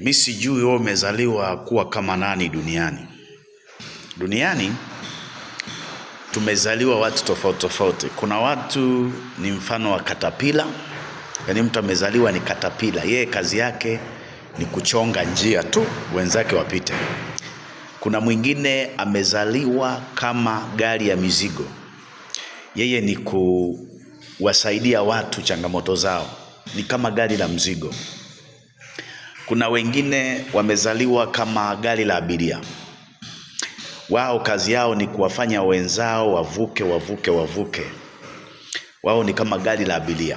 mi sijui wewe umezaliwa kuwa kama nani duniani. Duniani tumezaliwa watu tofauti tofauti. Kuna watu ni mfano wa katapila, yaani mtu amezaliwa ni katapila, yeye kazi yake ni kuchonga njia tu wenzake wapite. Kuna mwingine amezaliwa kama gari ya mizigo, yeye ni kuwasaidia watu changamoto zao, ni kama gari la mzigo. Kuna wengine wamezaliwa kama gari la abiria, wao kazi yao ni kuwafanya wenzao wavuke wavuke wavuke. Wao ni kama gari la abiria.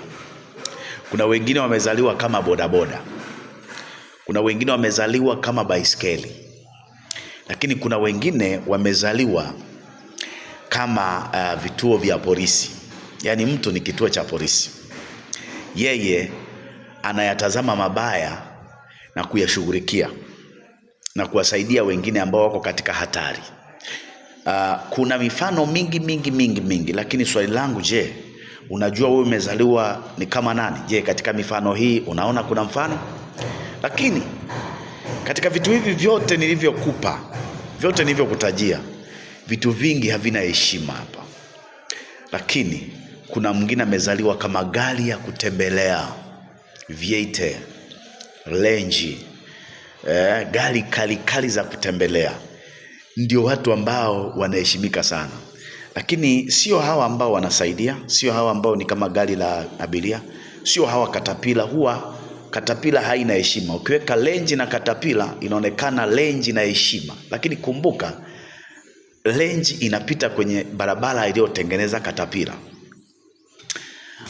Kuna wengine wamezaliwa kama bodaboda, kuna wengine wamezaliwa kama baiskeli, lakini kuna wengine wamezaliwa kama uh, vituo vya polisi. Yaani mtu ni kituo cha polisi, yeye anayatazama mabaya na kuyashughulikia na kuwasaidia wengine ambao wako katika hatari. Uh, kuna mifano mingi mingi mingi mingi, lakini swali langu, je, unajua wewe umezaliwa ni kama nani? Je, katika mifano hii unaona kuna mfano? Lakini katika vitu hivi vyote nilivyokupa, vyote nilivyokutajia, vitu vingi havina heshima hapa, lakini kuna mwingine amezaliwa kama gari ya kutembelea viete lenji eh, gari kali kali za kutembelea, ndio watu ambao wanaheshimika sana, lakini sio hawa ambao wanasaidia, sio hawa ambao ni kama gari la abiria, sio hawa katapila. Huwa katapila haina heshima. Ukiweka lenji na katapila, inaonekana lenji na heshima, lakini kumbuka lenji inapita kwenye barabara iliyotengeneza katapila.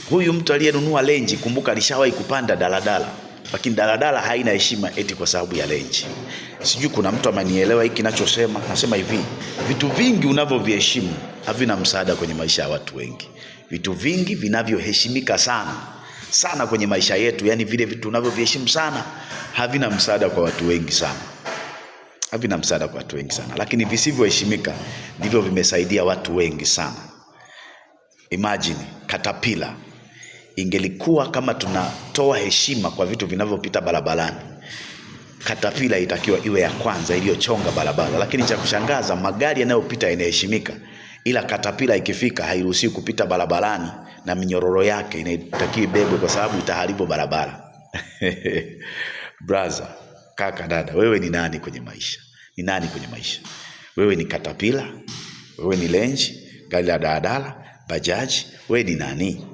Huyu mtu aliyenunua renji, kumbuka alishawahi kupanda daladala lakini daladala haina heshima eti kwa sababu ya lenji. Sijui kuna mtu amenielewa hiki kinachosema. Nasema hivi, vitu vingi unavyoviheshimu havina msaada kwenye maisha ya watu wengi. Vitu vingi vinavyoheshimika sana sana kwenye maisha yetu, yani vile vitu unavyoviheshimu sana havina msaada kwa watu wengi sana, havina msaada kwa watu wengi sana, lakini visivyoheshimika ndivyo vimesaidia watu wengi sana. Imagine katapila ingelikuwa kama tunatoa heshima kwa vitu vinavyopita barabarani, katapila itakiwa iwe ya kwanza iliyochonga barabara. Lakini cha kushangaza, magari yanayopita yanaheshimika, ila katapila ikifika hairuhusiwi kupita barabarani na minyororo yake inatakiwa ibebwe, kwa sababu itaharibu barabara. Brother, kaka, dada, wewe ni nani kwenye maisha? Ni nani kwenye maisha? Wewe ni katapila? Wewe ni lenji, gari la daladala, bajaji? Wewe ni nani?